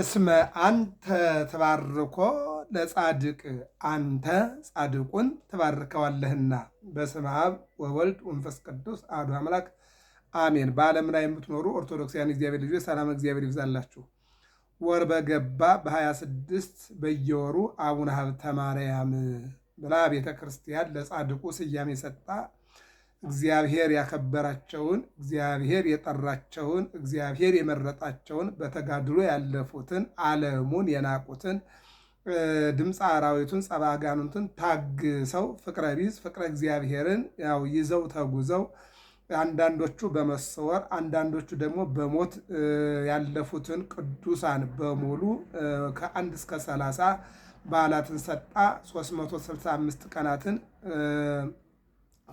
እስመ አንተ ተባርኮ ለጻድቅ አንተ ጻድቁን ትባርከዋለህና በስመ አብ ወወልድ ወንፈስ ቅዱስ አሐዱ አምላክ አሜን። በዓለም ላይ የምትኖሩ ኦርቶዶክሳውያን እግዚአብሔር ልጆች ሰላም እግዚአብሔር ይብዛላችሁ። ወር በገባ በ26 በየወሩ አቡነ ሀብተ ማርያም ብላ ቤተ ክርስቲያን ለጻድቁ ስያሜ ሰጣ። እግዚአብሔር ያከበራቸውን እግዚአብሔር የጠራቸውን እግዚአብሔር የመረጣቸውን በተጋድሎ ያለፉትን ዓለሙን የናቁትን ድምፅ አራዊቱን ጸባ ጋኑንትን ታግሰው ፍቅረ ቢዝ ፍቅረ እግዚአብሔርን ያው ይዘው ተጉዘው አንዳንዶቹ በመሰወር አንዳንዶቹ ደግሞ በሞት ያለፉትን ቅዱሳን በሙሉ ከአንድ እስከ 30 በዓላትን ሰጣ 365 ቀናትን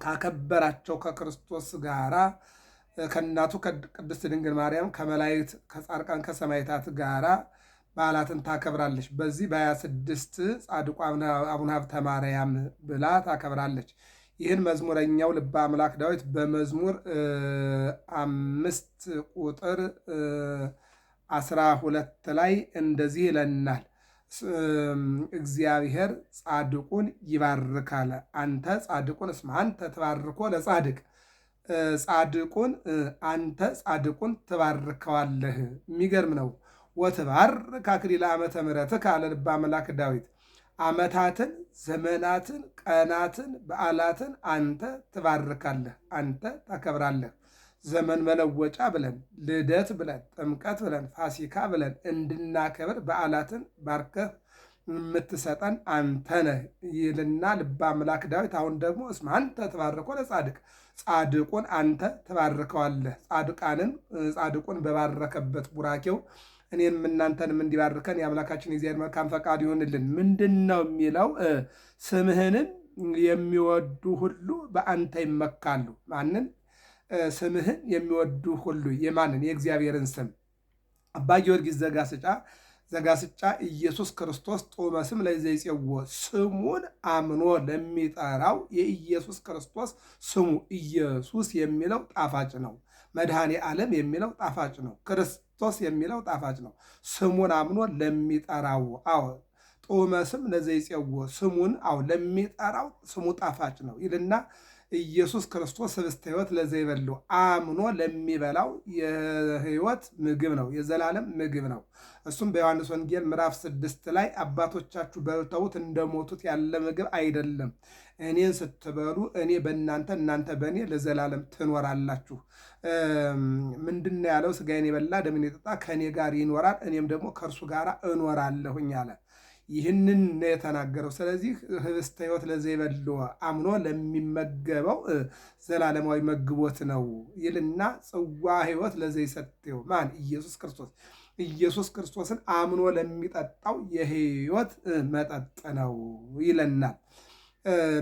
ካከበራቸው ከክርስቶስ ጋራ ከእናቱ ቅድስት ድንግል ማርያም ከመላይት ከጻድቃን ከሰማይታት ጋራ በዓላትን ታከብራለች። በዚህ በሀያ ስድስት ጻድቁ አቡነ ሀብተ ማርያም ብላ ታከብራለች። ይህን መዝሙረኛው ልበ አምላክ ዳዊት በመዝሙር አምስት ቁጥር አስራ ሁለት ላይ እንደዚህ ይለናል እግዚአብሔር ጻድቁን ይባርካል። አንተ ጻድቁን እስመ አንተ ተባርኮ ለጻድቅ ጻድቁን አንተ ጻድቁን ትባርከዋለህ። የሚገርም ነው። ወትባርክ አክሊለ ዓመተ ምሕረትከ ካለ ልበ አምላክ ዳዊት። ዓመታትን፣ ዘመናትን፣ ቀናትን፣ በዓላትን አንተ ትባርካለህ፣ አንተ ታከብራለህ። ዘመን መለወጫ ብለን ልደት ብለን ጥምቀት ብለን ፋሲካ ብለን እንድናከብር በዓላትን ባርከህ የምትሰጠን አንተነ ይልና ልበ አምላክ ዳዊት። አሁን ደግሞ እስመ አንተ ተባርኮ ለጻድቅ ጻድቁን አንተ ትባርከዋለህ። ጻድቃንን ጻድቁን በባረከበት ቡራኬው እኔንም እናንተንም እንዲባርከን የአምላካችን እግዚአብሔር መልካም ፈቃድ ይሆንልን። ምንድን ነው የሚለው? ስምህንም የሚወዱ ሁሉ በአንተ ይመካሉ። ማንን? ስምህን የሚወዱ ሁሉ የማንን የእግዚአብሔርን ስም አባ ጊዮርጊስ ዘጋስጫ ዘጋስጫ ኢየሱስ ክርስቶስ ጦመ ስም ለዘይጼዎ ስሙን አምኖ ለሚጠራው የኢየሱስ ክርስቶስ ስሙ ኢየሱስ የሚለው ጣፋጭ ነው። መድኃኔ ዓለም የሚለው ጣፋጭ ነው። ክርስቶስ የሚለው ጣፋጭ ነው። ስሙን አምኖ ለሚጠራው አዎ ጦመ ስም ለዘይጼዎ ስሙን አዎ ለሚጠራው ስሙ ጣፋጭ ነው ይልና ኢየሱስ ክርስቶስ ህብስተ ሕይወት ለዘይበሉ አምኖ ለሚበላው የህይወት ምግብ ነው፣ የዘላለም ምግብ ነው። እሱም በዮሐንስ ወንጌል ምዕራፍ ስድስት ላይ አባቶቻችሁ በልተውት እንደሞቱት ያለ ምግብ አይደለም፣ እኔን ስትበሉ እኔ በእናንተ እናንተ በእኔ ለዘላለም ትኖራላችሁ። ምንድን ያለው? ስጋዬን የበላ ደምን የጠጣ ከእኔ ጋር ይኖራል፣ እኔም ደግሞ ከእርሱ ጋር እኖራለሁኝ አለ። ይህንን የተናገረው። ስለዚህ ህብስተ ሕይወት ለዘይበሎ አምኖ ለሚመገበው ዘላለማዊ መግቦት ነው ይልና ጽዋ ሕይወት ለዘይሰትው ማን? ኢየሱስ ክርስቶስ። ኢየሱስ ክርስቶስን አምኖ ለሚጠጣው የህይወት መጠጥ ነው ይለናል።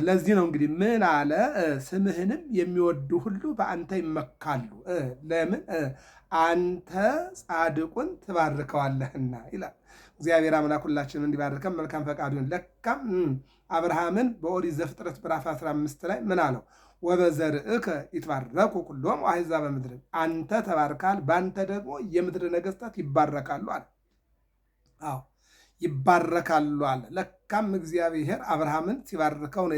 ለዚህ ነው እንግዲህ ምን አለ፣ ስምህንም የሚወዱ ሁሉ በአንተ ይመካሉ። ለምን? አንተ ጻድቁን ትባርከዋለህና ይላል። እግዚአብሔር አምላክ ሁላችንም እንዲባርከን መልካም ፈቃዱ ይሁን። ለካም አብርሃምን በኦሪት ዘፍጥረት ምዕራፍ 15 ላይ ምን አለው? ወበዘርእከ ይትባረኩ ኩሎም አሕዛብ በምድር አንተ ተባርካል፣ በአንተ ደግሞ የምድር ነገስታት ይባረካሉ አለ። አዎ ይባረካሉ አለ። ለካም እግዚአብሔር አብርሃምን ሲባርከው ነው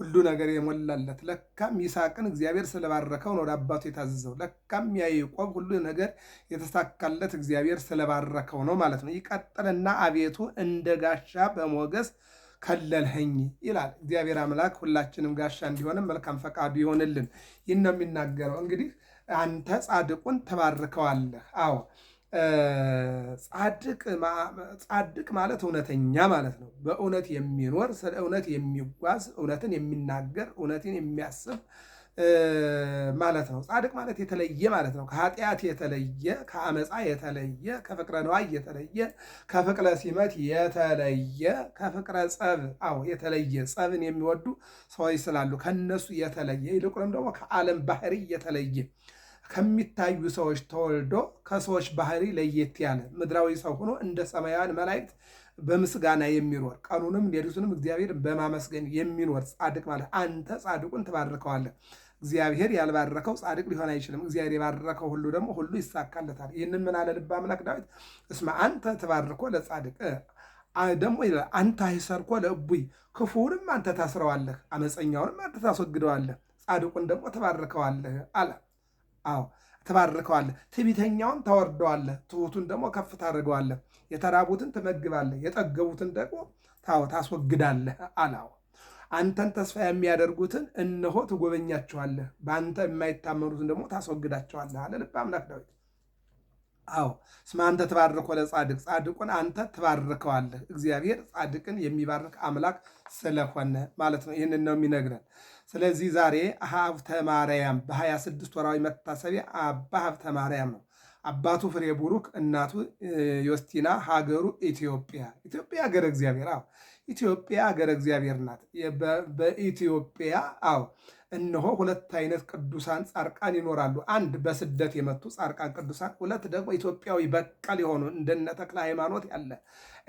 ሁሉ ነገር የሞላለት ለካም ይስሐቅን እግዚአብሔር ስለባረከው ነው ለአባቱ የታዘዘው። ለካም ያዕቆብ ሁሉ ነገር የተሳካለት እግዚአብሔር ስለባረከው ነው ማለት ነው። ይቀጥልና አቤቱ እንደ ጋሻ በሞገስ ከለልኸኝ ይላል እግዚአብሔር አምላክ። ሁላችንም ጋሻ እንዲሆንም መልካም ፈቃዱ ይሆንልን። ይህ ነው የሚናገረው እንግዲህ አንተ ጻድቁን ትባርከዋለህ። አዎ ጻድቅ ማለት እውነተኛ ማለት ነው። በእውነት የሚኖር ስለ እውነት የሚጓዝ እውነትን የሚናገር እውነትን የሚያስብ ማለት ነው። ጻድቅ ማለት የተለየ ማለት ነው። ከኃጢአት የተለየ ከአመፃ የተለየ ከፍቅረ ነዋይ የተለየ ከፍቅረ ሲመት የተለየ ከፍቅረ ጸብ አዎ የተለየ ጸብን የሚወዱ ሰዎች ስላሉ ከነሱ የተለየ ይልቁንም ደግሞ ከዓለም ባህሪ የተለየ ከሚታዩ ሰዎች ተወልዶ ከሰዎች ባህሪ ለየት ያለ ምድራዊ ሰው ሆኖ እንደ ሰማያውያን መላእክት በምስጋና የሚኖር ቀኑንም ሌሊቱንም እግዚአብሔር በማመስገን የሚኖር ጻድቅ ማለት አንተ ጻድቁን ትባርከዋለህ። እግዚአብሔር ያልባረከው ጻድቅ ሊሆን አይችልም። እግዚአብሔር የባረከው ሁሉ ደግሞ ሁሉ ይሳካለታል። ይህንን ምን አለ ልበ አምላክ ዳዊት? እስመ አንተ ትባርኮ ለጻድቅ ደግሞ አንተ አይሰርኮ ለእቡይ፣ ክፉውንም አንተ ታስረዋለህ፣ አመፀኛውንም አንተ ታስወግደዋለህ፣ ጻድቁን ደግሞ ትባርከዋለህ አለ። አዎ ትባርከዋለህ፣ ትቢተኛውን ታወርደዋለህ፣ ትሑቱን ደግሞ ከፍ ታደርገዋለህ። የተራቡትን ትመግባለህ፣ የጠገቡትን ደግሞ ታዎ ታስወግዳለህ። አላው አንተን ተስፋ የሚያደርጉትን እነሆ ትጎበኛቸዋለህ፣ በአንተ የማይታመኑትን ደግሞ ታስወግዳቸዋለህ አለ ልበ አምላክ ዳዊት። አዎ ስማ አንተ ትባርኮ ለጻድቅ ጻድቁን አንተ ትባርከዋለህ። እግዚአብሔር ጻድቅን የሚባርክ አምላክ ስለሆነ ማለት ነው። ይህንን ነው የሚነግረን። ስለዚህ ዛሬ ሀብተ ማርያም በሀያ ስድስት ወራዊ መታሰቢያ አባ ሀብተ ማርያም ነው። አባቱ ፍሬ ቡሩክ፣ እናቱ ዮስቲና፣ ሀገሩ ኢትዮጵያ። ኢትዮጵያ ሀገረ እግዚአብሔር። አዎ ኢትዮጵያ ሀገረ እግዚአብሔር ናት። በኢትዮጵያ አዎ እነሆ ሁለት አይነት ቅዱሳን ጻድቃን ይኖራሉ። አንድ በስደት የመቱ ጻድቃን ቅዱሳን፣ ሁለት ደግሞ ኢትዮጵያዊ በቀል የሆኑ እንደነ ተክለ ሃይማኖት ያለ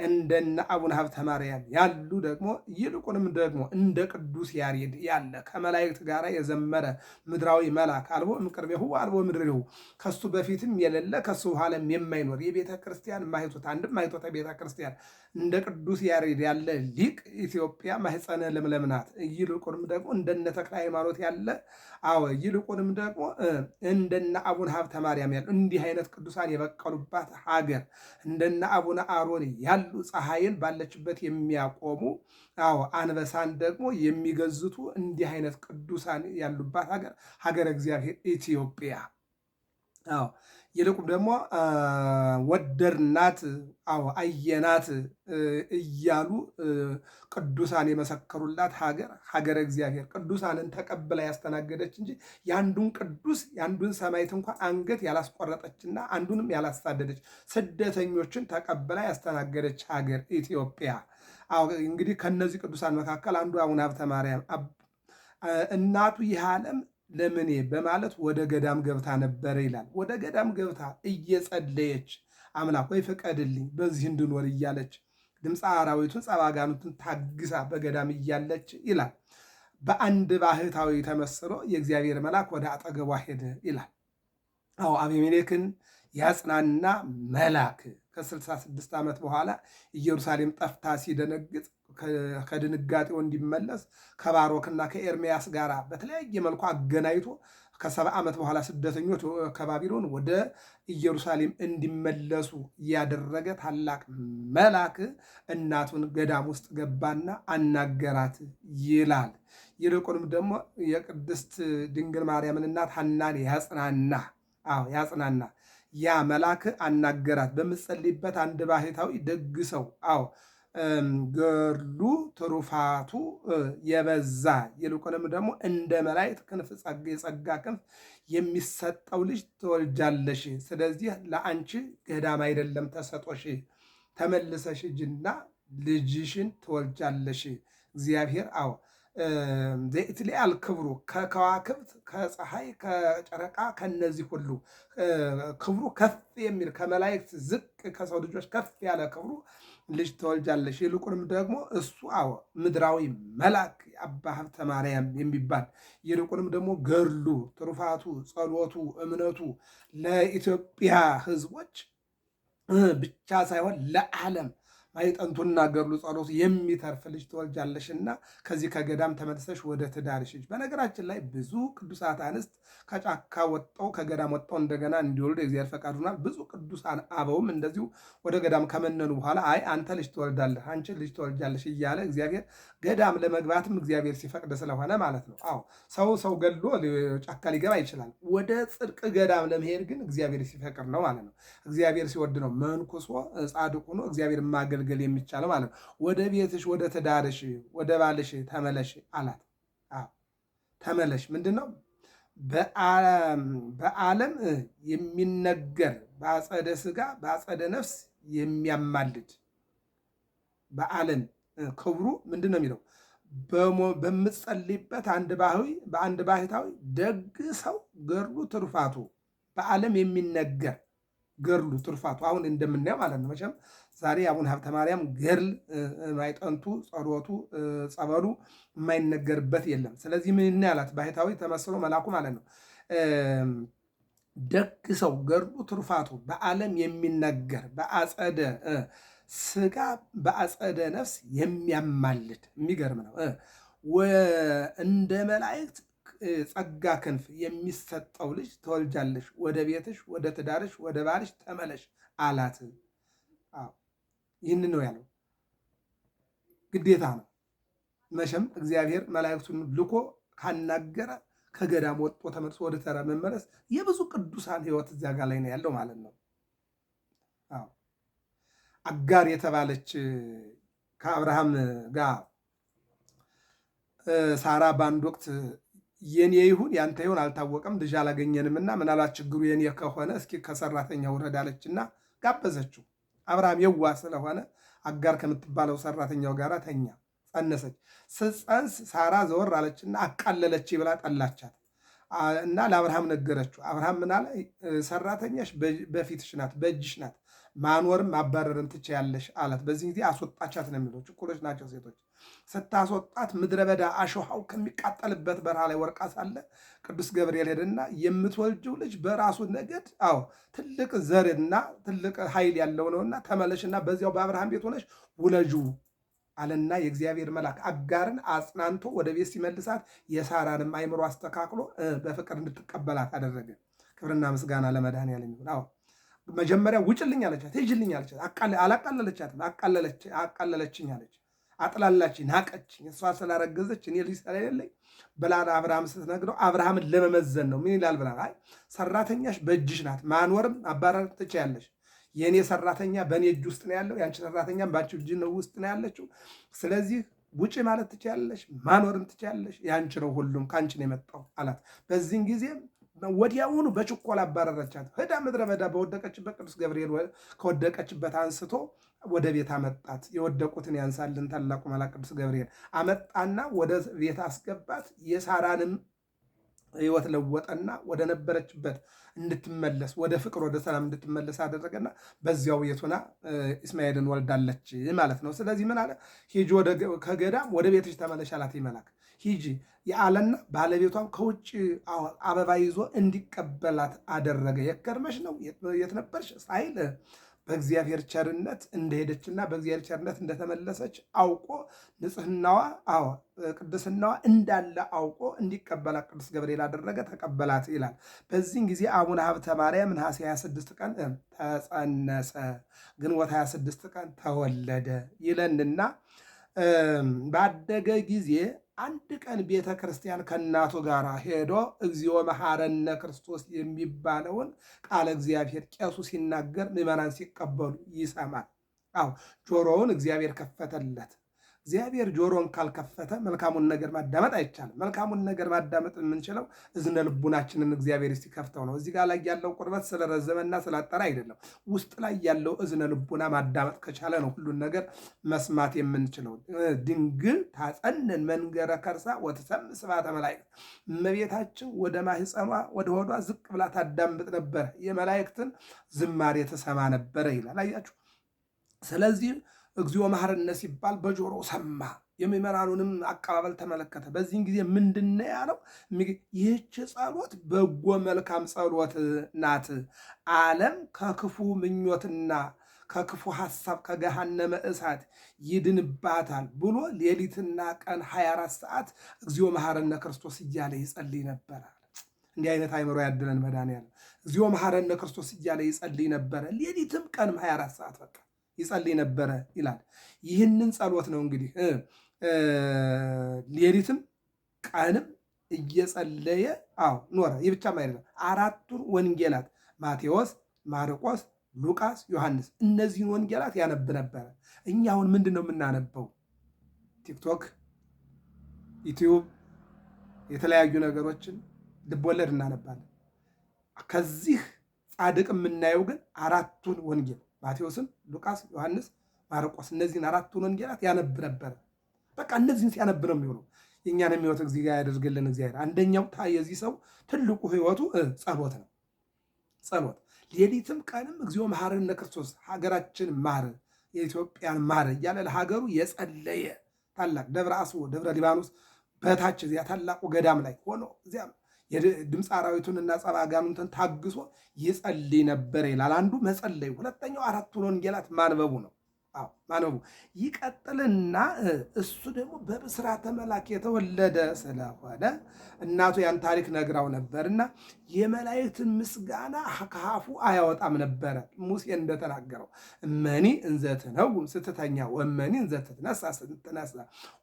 እንደነ አቡነ ሀብተ ማርያም ያሉ ደግሞ ይልቁንም ደግሞ እንደ ቅዱስ ያሬድ ያለ ከመላእክት ጋር የዘመረ ምድራዊ መልአክ አልቦ እምቅርቤሁ አልቦ ምድሬሁ ከሱ በፊትም የሌለ ከሱ በኋላም የማይኖር የቤተ ክርስቲያን ማኅቶት አንድም ማኅቶተ ቤተ ክርስቲያን እንደ ቅዱስ ያሬድ ያለ ሊቅ ኢትዮጵያ ማህፀነ ለምለም ናት። ይልቁንም ደግሞ እንደነ ተክለ ሃይማኖት ያለ አዎ፣ ይልቁንም ደግሞ እንደነ አቡነ ሀብተ ማርያም ያሉ እንዲህ አይነት ቅዱሳን የበቀሉባት ሀገር እንደነ አቡነ አሮን ያለ ያሉ ፀሐይን ባለችበት የሚያቆሙ አዎ አንበሳን ደግሞ የሚገዝቱ እንዲህ አይነት ቅዱሳን ያሉባት ሀገር ሀገረ እግዚአብሔር ኢትዮጵያ አዎ ይልቁም ደግሞ ወደድናት፣ አዎ አየናት እያሉ ቅዱሳን የመሰከሩላት ሀገር ሀገረ እግዚአብሔር ቅዱሳንን ተቀብላ ያስተናገደች እንጂ የአንዱን ቅዱስ የአንዱን ሰማዕት እንኳ አንገት ያላስቆረጠችና አንዱንም ያላሳደደች ስደተኞችን ተቀብላ ያስተናገደች ሀገር ኢትዮጵያ። እንግዲህ ከነዚህ ቅዱሳን መካከል አንዱ አቡነ ሀብተ ማርያም እናቱ ይህ ዓለም ለምኔ በማለት ወደ ገዳም ገብታ ነበረ ይላል። ወደ ገዳም ገብታ እየጸለየች አምላክ ወይ ፍቀድልኝ በዚህ እንድኖር እያለች ድምፅ አራዊቱን ጸባጋኑትን ታግሳ በገዳም እያለች ይላል። በአንድ ባህታዊ ተመስሎ የእግዚአብሔር መልአክ ወደ አጠገቧ ሄደ ይላል። አዎ አቤሜሌክን ያጽናና መልአክ ከ66 ዓመት በኋላ ኢየሩሳሌም ጠፍታ ሲደነግጥ ከድንጋጤው እንዲመለስ ከባሮክና ከኤርሚያስ ጋር በተለያየ መልኩ አገናኝቶ ከሰባ ዓመት በኋላ ስደተኞች ከባቢሎን ወደ ኢየሩሳሌም እንዲመለሱ ያደረገ ታላቅ መልአክ እናቱን ገዳም ውስጥ ገባና አናገራት ይላል። ይልቁንም ደግሞ የቅድስት ድንግል ማርያምን እናት ሐናን ያጽናና አዎ ያጽናና ያ መልአክ አናገራት። በምትጸልይበት አንድ ባህታዊ ደግ ሰው አዎ ገድሉ ትሩፋቱ የበዛ ይልቁንም ደግሞ እንደ መላእክት ክንፍ የጸጋ ክንፍ የሚሰጠው ልጅ ትወልጃለሽ። ስለዚህ ለአንቺ ገዳም አይደለም ተሰጦሽ፣ ተመልሰሽ ሂጂና ልጅሽን ትወልጃለሽ። እግዚአብሔር አዎ ዘኢትሊአል ክብሩ ከከዋክብት ከፀሐይ ከጨረቃ ከነዚህ ሁሉ ክብሩ ከፍ የሚል ከመላእክት ዝቅ ከሰው ልጆች ከፍ ያለ ክብሩ ልጅ ተወልጃለሽ። ይልቁንም ደግሞ እሱ አዎ ምድራዊ መልአክ አባ ሀብተ ማርያም የሚባል ይልቁንም ደግሞ ገድሉ፣ ትሩፋቱ፣ ጸሎቱ፣ እምነቱ ለኢትዮጵያ ሕዝቦች ብቻ ሳይሆን ለዓለም አይጠንቱና ገድሉ ጸሎት የሚተርፍ ልጅ ትወልጃለሽና ከዚህ ከገዳም ተመልሰሽ ወደ ትዳርሽ። በነገራችን ላይ ብዙ ቅዱሳት አንስት ከጫካ ወጠው ከገዳም ወጠው እንደገና እንዲወልዱ የእግዚአብሔር ፈቃድ ሆኗል። ብዙ ቅዱሳን አበውም እንደዚሁ ወደ ገዳም ከመነኑ በኋላ አይ አንተ ልጅ ትወልዳለህ፣ አንቺ ልጅ ትወልጃለሽ እያለ እግዚአብሔር ገዳም ለመግባትም እግዚአብሔር ሲፈቅድ ስለሆነ ማለት ነው። አዎ ሰው ሰው ገድሎ ጫካ ሊገባ ይችላል። ወደ ጽድቅ ገዳም ለመሄድ ግን እግዚአብሔር ሲፈቅድ ነው ማለት ነው። እግዚአብሔር ሲወድ ነው። መንኩሶ ጻድቅ ሆኖ እግዚአብሔር ማገል ማገልገል የሚቻለው ማለት ነው። ወደ ቤትሽ፣ ወደ ትዳርሽ፣ ወደ ባልሽ ተመለሽ አላት። ተመለሽ ምንድን ነው? በዓለም የሚነገር በአጸደ ስጋ በአጸደ ነፍስ የሚያማልድ በዓለም ክብሩ ምንድን ነው የሚለው በምጸልይበት አንድ ባህዊ በአንድ ባህታዊ ደግ ሰው ገሩ ትሩፋቱ በዓለም የሚነገር ገድሉ ትርፋቱ አሁን እንደምናየው ማለት ነው። መቼም ዛሬ አቡነ ሀብተ ማርያም ገድል ማይጠንቱ ጸሎቱ፣ ጸበሉ የማይነገርበት የለም። ስለዚህ ምን ያላት ባህታዊ ተመስሎ መላኩ ማለት ነው ደግ ሰው ገድሉ ትርፋቱ በዓለም የሚነገር በአጸደ ስጋ በአጸደ ነፍስ የሚያማልድ የሚገርም ነው። እንደ መላእክት ጸጋ ክንፍ የሚሰጠው ልጅ ትወልጃለሽ፣ ወደ ቤትሽ፣ ወደ ትዳርሽ፣ ወደ ባልሽ ተመለሽ አላት። ይህን ነው ያለው። ግዴታ ነው መቼም እግዚአብሔር መላእክቱን ልኮ ካናገረ ከገዳም ወጥቶ ተመልሶ ወደ ተራ መመለስ የብዙ ቅዱሳን ሕይወት እዚያ ጋር ላይ ነው ያለው ማለት ነው። አጋር የተባለች ከአብርሃም ጋር ሳራ በአንድ ወቅት የኔ ይሁን ያንተ ይሁን አልታወቀም፣ ልጅ አላገኘንም አላገኘንምና ምናልባት ችግሩ የኔ ከሆነ እስኪ ከሰራተኛ ውረድ አለችና ጋበዘችው። አብርሃም የዋ ስለሆነ አጋር ከምትባለው ሰራተኛው ጋር ተኛ። ጸነሰች። ስጸንስ ሳራ ዘወር አለችና አቃለለች ብላ ጠላቻት እና ለአብርሃም ነገረችው። አብርሃም ምናለ ሰራተኛሽ በፊትሽ ናት፣ በእጅሽ ናት፣ ማኖርም ማባረርም ትችያለሽ አላት። በዚህ ጊዜ አስወጣቻት ነው የሚለው። ችኩሎች ናቸው ሴቶች። ስታስወጣት ምድረ በዳ አሸሃው ከሚቃጠልበት በረሃ ላይ ወርቃ ሳለ ቅዱስ ገብርኤል ሄደና የምትወልጅው ልጅ በራሱ ነገድ አዎ ትልቅ ዘርና ትልቅ ኃይል ያለው ነውና ተመለሽና በዚያው በአብርሃም ቤት ሆነሽ ውለጁ አለና የእግዚአብሔር መልአክ አጋርን አጽናንቶ ወደ ቤት ሲመልሳት የሳራንም አይምሮ አስተካክሎ በፍቅር እንድትቀበላት አደረገ። ክብርና ምስጋና ለመድኃኔዓለም ይሁን። አዎ መጀመሪያ ውጭልኝ አለቻት፣ ሂጂልኝ አለቻት። አላቃለለቻትም፣ አቃለለችኝ አለች። አጥላላችኝ፣ ናቀችኝ። እሷ ስላረገዘች እኔ ልጅ ስለሌለኝ ብላ አብርሃም ስትነግረው አብርሃምን ለመመዘን ነው። ምን ይላል ብላ አይ ሰራተኛሽ በእጅሽ ናት፣ ማኖርም አባረር ትችያለሽ። የእኔ ሰራተኛ በእኔ እጅ ውስጥ ነው ያለው፣ የአንቺ ሰራተኛ በአንቺ እጅ ነው ውስጥ ነው ያለችው። ስለዚህ ውጪ ማለት ትችያለሽ፣ ማኖርም ትችያለሽ። የአንቺ ነው ሁሉም፣ ከአንቺ ነው የመጣው አላት። በዚህን ጊዜ ወዲያውኑ በችኮላ አባረረቻት። ህዳ ምድረ በዳ በወደቀችበት ቅዱስ ገብርኤል ከወደቀችበት አንስቶ ወደ ቤት አመጣት። የወደቁትን ያንሳልን ታላቁ መልአክ ቅዱስ ገብርኤል አመጣና ወደ ቤት አስገባት። የሳራንም ሕይወት ለወጠና ወደ ነበረችበት እንድትመለስ ወደ ፍቅር ወደ ሰላም እንድትመለስ አደረገና በዚያው የቱና እስማኤልን ወልዳለች ማለት ነው። ስለዚህ ምን አለ? ሂጂ ከገዳም ወደ ቤትሽ ተመለሻላት አላት መልአክ። ሂጂ የአለና ባለቤቷም ከውጭ አበባ ይዞ እንዲቀበላት አደረገ። የት ነው የት ነበርሽ ሳይል በእግዚአብሔር ቸርነት እንደሄደችና በእግዚአብሔር ቸርነት እንደተመለሰች አውቆ ንጽህናዋ አዎ ቅድስናዋ እንዳለ አውቆ እንዲቀበላት ቅዱስ ገብርኤል አደረገ፣ ተቀበላት ይላል። በዚህን ጊዜ አቡነ ሀብተ ማርያም ነሐሴ 26 ቀን ተጸነሰ፣ ግንቦት 26 ቀን ተወለደ ይለንና በአደገ ጊዜ አንድ ቀን ቤተ ክርስቲያን ከእናቱ ጋር ሄዶ እግዚኦ መሐረነ ክርስቶስ የሚባለውን ቃለ እግዚአብሔር ቄሱ ሲናገር ምዕመናን ሲቀበሉ ይሰማል። አዎ ጆሮውን እግዚአብሔር ከፈተለት። እግዚአብሔር ጆሮን ካልከፈተ መልካሙን ነገር ማዳመጥ አይቻልም። መልካሙን ነገር ማዳመጥ የምንችለው እዝነ ልቡናችንን እግዚአብሔር ሲከፍተው ነው። እዚህ ጋር ላይ ያለው ቁርበት ስለረዘመና ስላጠረ አይደለም። ውስጥ ላይ ያለው እዝነ ልቡና ማዳመጥ ከቻለ ነው ሁሉን ነገር መስማት የምንችለው። ድንግል ታጸንን መንገረ ከርሳ ወተሰም ስባተ መላእክት። እመቤታችን ወደ ማህፀኗ ወደ ሆዷ ዝቅ ብላ ታዳምጥ ነበር፣ የመላእክትን ዝማሬ ትሰማ ነበረ ይላል። አያችሁ። ስለዚህ እግዚኦ መሐረነ ሲባል በጆሮ ሰማ። የምዕመናኑንም አቀባበል ተመለከተ። በዚህን ጊዜ ምንድነው ያለው? ይህች ጸሎት በጎ መልካም ጸሎት ናት። ዓለም ከክፉ ምኞትና ከክፉ ሐሳብ ከገሃነመ እሳት ይድንባታል ብሎ ሌሊትና ቀን 24 ሰዓት እግዚኦ መሐረነ ክርስቶስ እያለ ይጸልይ ነበረ። እንዲህ አይነት አይምሮ ያድለን መድኃኔዓለም። እግዚኦ መሐረነ ክርስቶስ እያለ ይጸልይ ነበረ ሌሊትም ቀንም 24 ሰዓት በቃ ይጸልይ ነበረ ይላል። ይህንን ጸሎት ነው እንግዲህ ሌሊትም ቀንም እየጸለየ አዎ ኖረ። ይህ ብቻም አይደለም። አራቱን ወንጌላት ማቴዎስ፣ ማርቆስ፣ ሉቃስ፣ ዮሐንስ እነዚህን ወንጌላት ያነብ ነበረ። እኛ አሁን ምንድን ነው የምናነበው? ቲክቶክ፣ ዩትዩብ፣ የተለያዩ ነገሮችን ልቦለድ እናነባለን። ከዚህ ጻድቅ የምናየው ግን አራቱን ወንጌል ማቴዎስን፣ ሉቃስ፣ ዮሐንስ፣ ማርቆስ እነዚህን አራቱን ወንጌላት ያነብ ነበር። በቃ እነዚህን ሲያነብ ነው የሚሆነው። የእኛንም የሚወት እግዚአብሔር ያደርግልን። እግዚአብሔር አንደኛው ታ የዚህ ሰው ትልቁ ህይወቱ ጸሎት ነው። ጸሎት ሌሊትም ቀንም እግዚኦ መሐረነ ክርስቶስ ሀገራችን ማር የኢትዮጵያን ማር እያለ ለሀገሩ የጸለየ ታላቅ ደብረ አስቦ ደብረ ሊባኖስ በታች እዚያ ታላቁ ገዳም ላይ ሆኖ እዚያም የድምፅ አራዊቱንና ጸባ አጋንንትን ታግሶ ይጸልይ ነበር ይላል። አንዱ መጸለይ፣ ሁለተኛው አራቱን ወንጌላት ማንበቡ ነው። አዎ ማለቡ ይቀጥልና እሱ ደግሞ በብስራተ መላክ የተወለደ ስለሆነ እናቱ ያን ታሪክ ነግራው ነበርና የመላእክትን ምስጋና ከአፉ አያወጣም ነበረ። ሙሴ እንደተናገረው እመኒ እንዘትነው ስትተኛ ወመኒ እንዘትነሳ ስትነሳ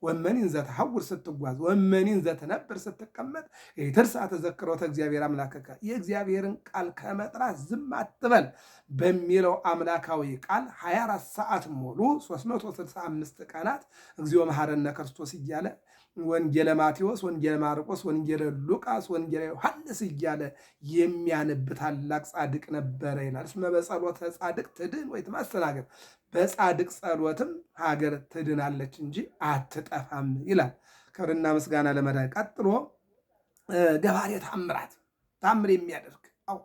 ወመኒ እንዘትሐውር ስትጓዝ ወመኒ እንዘትነብር ስትቀመጥ የትርሳ ተዘክሮተ እግዚአብሔር አምላከከ የእግዚአብሔርን ቃል ከመጥራት ዝም አትበል በሚለው አምላካዊ ቃል 24 ሰዓት ሙሉ 365 ቀናት እግዚኦ መሐረነ ክርስቶስ እያለ ወንጌለ ማቴዎስ፣ ወንጌለ ማርቆስ፣ ወንጌለ ሉቃስ፣ ወንጌለ ዮሐንስ እያለ የሚያነብ ታላቅ ጻድቅ ነበረ ይላል። እስመ በጸሎተ ጻድቅ ትድን ወይ ትማስተናገር፣ በጻድቅ ጸሎትም ሀገር ትድናለች እንጂ አትጠፋም ይላል። ክብርና ምስጋና ለመድኃኒት። ቀጥሎ ገባሬ ታምራት ታምር የሚያደርግ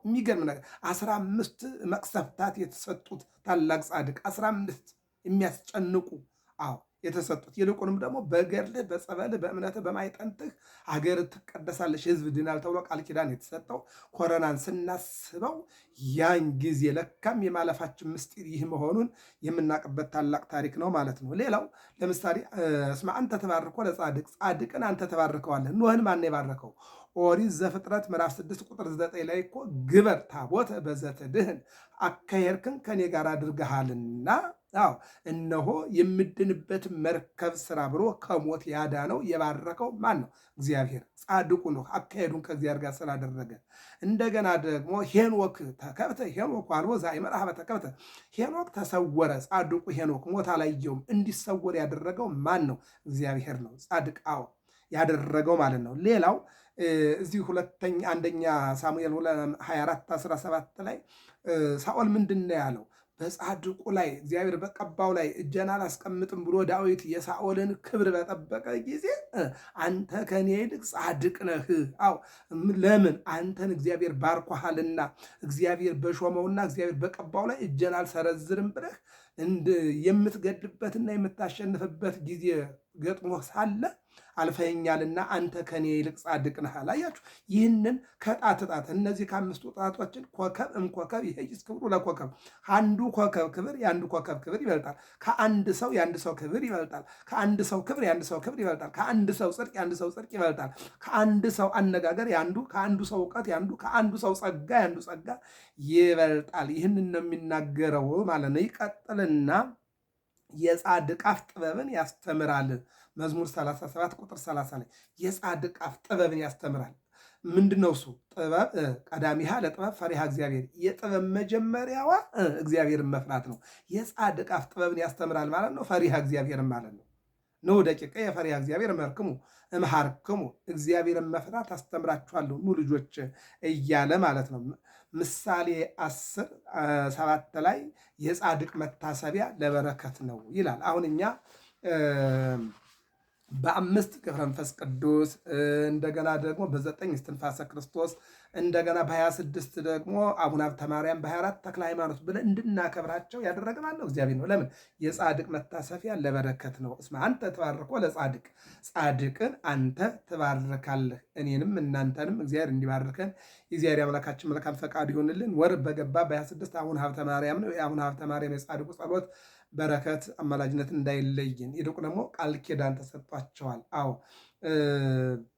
የሚገርም ነገር አስራ አምስት መቅሰፍታት የተሰጡት ታላቅ ጻድቅ አስራ አምስት የሚያስጨንቁ አዎ የተሰጡት ይልቁንም ደግሞ በገድልህ በጸበልህ በእምነትህ በማይጠንትህ ሀገር ትቀደሳለች፣ ህዝብ ድናል ተብሎ ቃል ኪዳን የተሰጠው ኮረናን ስናስበው ያን ጊዜ ለካም የማለፋችን ምስጢር ይህ መሆኑን የምናቅበት ታላቅ ታሪክ ነው ማለት ነው። ሌላው ለምሳሌ እስማ አንተ ተባርኮ ለጻድቅ ጻድቅን አንተ ተባርከዋለህ። ኖህን ማን የባረከው? ኦሪት ዘፍጥረት ምዕራፍ 6 ቁጥር 9 ላይ እኮ ግበር ታቦተ በዘተ ድህን አካሄድክን ከኔ ጋር አድርገሃልና አዎ እነሆ የምድንበት መርከብ ስራ ብሎ ከሞት ያዳነው የባረከው ማን ነው? እግዚአብሔር ጻድቁ ነው። አካሄዱን ከእግዚአብሔር ጋር ስላደረገ እንደገና ደግሞ ሄኖክ ተከብተ ሄኖክ አልቦ ዛይ ሀበ ተከብተ ሄኖክ ተሰወረ። ጻድቁ ሄኖክ ሞት አላየውም። እንዲሰወር ያደረገው ማን ነው? እግዚአብሔር ነው። ጻድቅ አዎ ያደረገው ማለት ነው። ሌላው እዚህ ሁለተኛ አንደኛ ሳሙኤል 24 17 ላይ ሳኦል ምንድን ነው ያለው? በጻድቁ ላይ እግዚአብሔር በቀባው ላይ እጄን አላስቀምጥም ብሎ ዳዊት የሳኦልን ክብር በጠበቀ ጊዜ አንተ ከኔ ይልቅ ጻድቅ ነህ። አዎ ለምን? አንተን እግዚአብሔር ባርኳሃልና እግዚአብሔር በሾመውና እግዚአብሔር በቀባው ላይ እጄን አልሰረዝርም ብለህ የምትገድበትና የምታሸንፍበት ጊዜ ገጥሞ ሳለ አልፈኛልና አንተ ከኔ ይልቅ ጻድቅ ነህ አላያችሁ። ይህንን ከጣት ጣት እነዚህ ከአምስቱ ጣቶችን ኮከብ እምኮከብ ይሄይስ ክብሩ ለኮከብ አንዱ ኮከብ ክብር የአንዱ ኮከብ ክብር ይበልጣል። ከአንድ ሰው የአንድ ሰው ክብር ይበልጣል። ከአንድ ሰው ክብር የአንድ ሰው ክብር ይበልጣል። ከአንድ ሰው ጽድቅ የአንድ ሰው ጽድቅ ይበልጣል። ከአንድ ሰው አነጋገር የአንዱ ከአንዱ ሰው እውቀት ያንዱ ከአንዱ ሰው ጸጋ የአንዱ ጸጋ ይበልጣል። ይህንን ነው የሚናገረው ማለት ነው። ይቀጥልና የጻድቃፍ ጥበብን ያስተምራል መዝሙር 37 ቁጥር 30 ላይ የጻድቅ አፍ ጥበብን ያስተምራል። ምንድነው ነው እሱ? ጥበብ ቀዳሚሃ ለጥበብ ፈሪሃ እግዚአብሔር፣ የጥበብ መጀመሪያዋ እግዚአብሔርን መፍራት ነው። የጻድቅ አፍ ጥበብን ያስተምራል ማለት ነው፣ ፈሪሃ እግዚአብሔርን ማለት ነው። ነው ደቂቀ የፈሪሃ እግዚአብሔር መርክሙ እምሃርክሙ እግዚአብሔርን መፍራት አስተምራችኋለሁ ኑ ልጆች እያለ ማለት ነው። ምሳሌ አስር ሰባት ላይ የጻድቅ መታሰቢያ ለበረከት ነው ይላል። አሁን እኛ በአምስት ገብረ መንፈስ ቅዱስ እንደገና ደግሞ በዘጠኝ እስትንፋሰ ክርስቶስ እንደገና በሀያ ስድስት ደግሞ አቡነ ሀብተ ማርያም በሀያ አራት ተክለ ሃይማኖት ብለን እንድናከብራቸው ያደረገን አለው እግዚአብሔር ነው። ለምን የጻድቅ መታሰፊያ ለበረከት ነው። እስማ አንተ ተባርኮ ለጻድቅ ጻድቅን አንተ ትባርካለህ። እኔንም እናንተንም እግዚአብሔር እንዲባርከን እግዚአብሔር አምላካችን መልካም ፈቃድ ይሆንልን። ወር በገባ በሀያ ስድስት አቡነ ሀብተ ማርያም ነው። የአቡነ ሀብተ ማርያም የጻድቁ ጸሎት በረከት አማላጅነት እንዳይለይን ይልቁ ደግሞ ቃል ኪዳን ተሰጥቷቸዋል። አዎ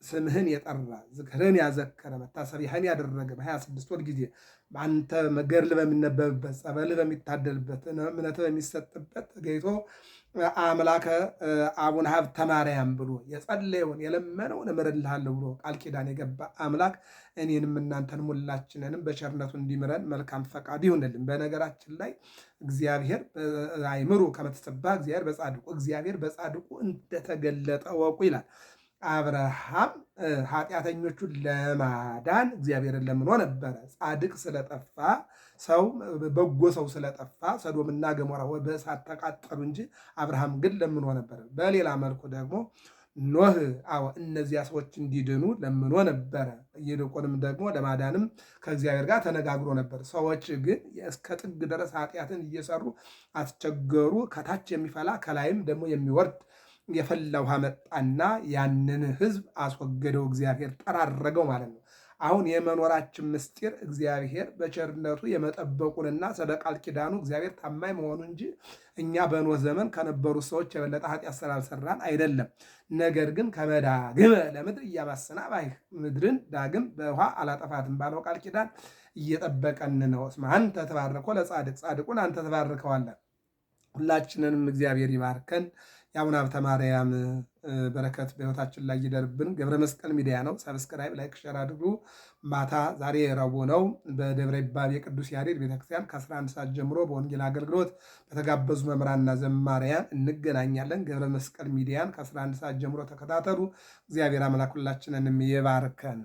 ስምህን የጠራ ዝክርህን ያዘከረ መታሰቢያህን ያደረገ በሀያ ስድስት ወር ጊዜ በአንተ ገድል በሚነበብበት ጸበል በሚታደልበት እምነት በሚሰጥበት ተገይቶ አምላከ አቡነ ሀብተ ማርያም ብሎ የጸለየውን የለመነውን እምርልሃለሁ ብሎ ቃል ኪዳን የገባ አምላክ እኔንም እናንተን ሁላችንንም በቸርነቱ እንዲምረን መልካም ፈቃድ ይሁንልን። በነገራችን ላይ እግዚአብሔር አይምሩ ከመተሰባ እግዚአብሔር በጻድቁ እግዚአብሔር በጻድቁ እንደተገለጠ ወቁ ይላል። አብርሃም ኃጢአተኞቹን ለማዳን እግዚአብሔርን ለምኖ ነበረ። ጻድቅ ስለጠፋ ሰው በጎ ሰው ስለጠፋ ሰዶምና ገሞራ በእሳት ተቃጠሉ እንጂ አብርሃም ግን ለምኖ ነበረ። በሌላ መልኩ ደግሞ ኖህ አዎ እነዚያ ሰዎች እንዲድኑ ለምኖ ነበረ። ይልቁንም ደግሞ ለማዳንም ከእግዚአብሔር ጋር ተነጋግሮ ነበር። ሰዎች ግን እስከ ጥግ ድረስ ኃጢአትን እየሰሩ አስቸገሩ። ከታች የሚፈላ ከላይም ደግሞ የሚወርድ የፈላ ውሃ መጣና ያንን ህዝብ አስወገደው። እግዚአብሔር ጠራረገው ማለት ነው። አሁን የመኖራችን ምስጢር እግዚአብሔር በቸርነቱ የመጠበቁንና ስለ ቃል ኪዳኑ እግዚአብሔር ታማኝ መሆኑ እንጂ እኛ በኖ ዘመን ከነበሩ ሰዎች የበለጠ ኃጢአት ስላልሰራን አይደለም። ነገር ግን ከመዳግመ ለምድር እያማስና ባይህ ምድርን ዳግም በውሃ አላጠፋትም ባለው ቃል ኪዳን እየጠበቀን ነው። እስመ አንተ ተባረኮ ለጻድቅ ጻድቁን አንተ ተባርከዋለን። ሁላችንንም እግዚአብሔር ይባርከን። የአቡነ ሀብተ ማርያም በረከት በህይወታችን ላይ ይደርብን። ገብረ መስቀል ሚዲያ ነው። ሰብስክራይብ፣ ላይክ፣ ሸር አድርጉ። ማታ ዛሬ ረቡዕ ነው። በደብረ ይባቤ የቅዱስ ያሬድ ቤተክርስቲያን ከ11 ሰዓት ጀምሮ በወንጌል አገልግሎት በተጋበዙ መምህራንና ዘማሪያን እንገናኛለን። ገብረ መስቀል ሚዲያን ከ11 ሰዓት ጀምሮ ተከታተሉ። እግዚአብሔር አምላክ ሁላችንንም ይባርከን።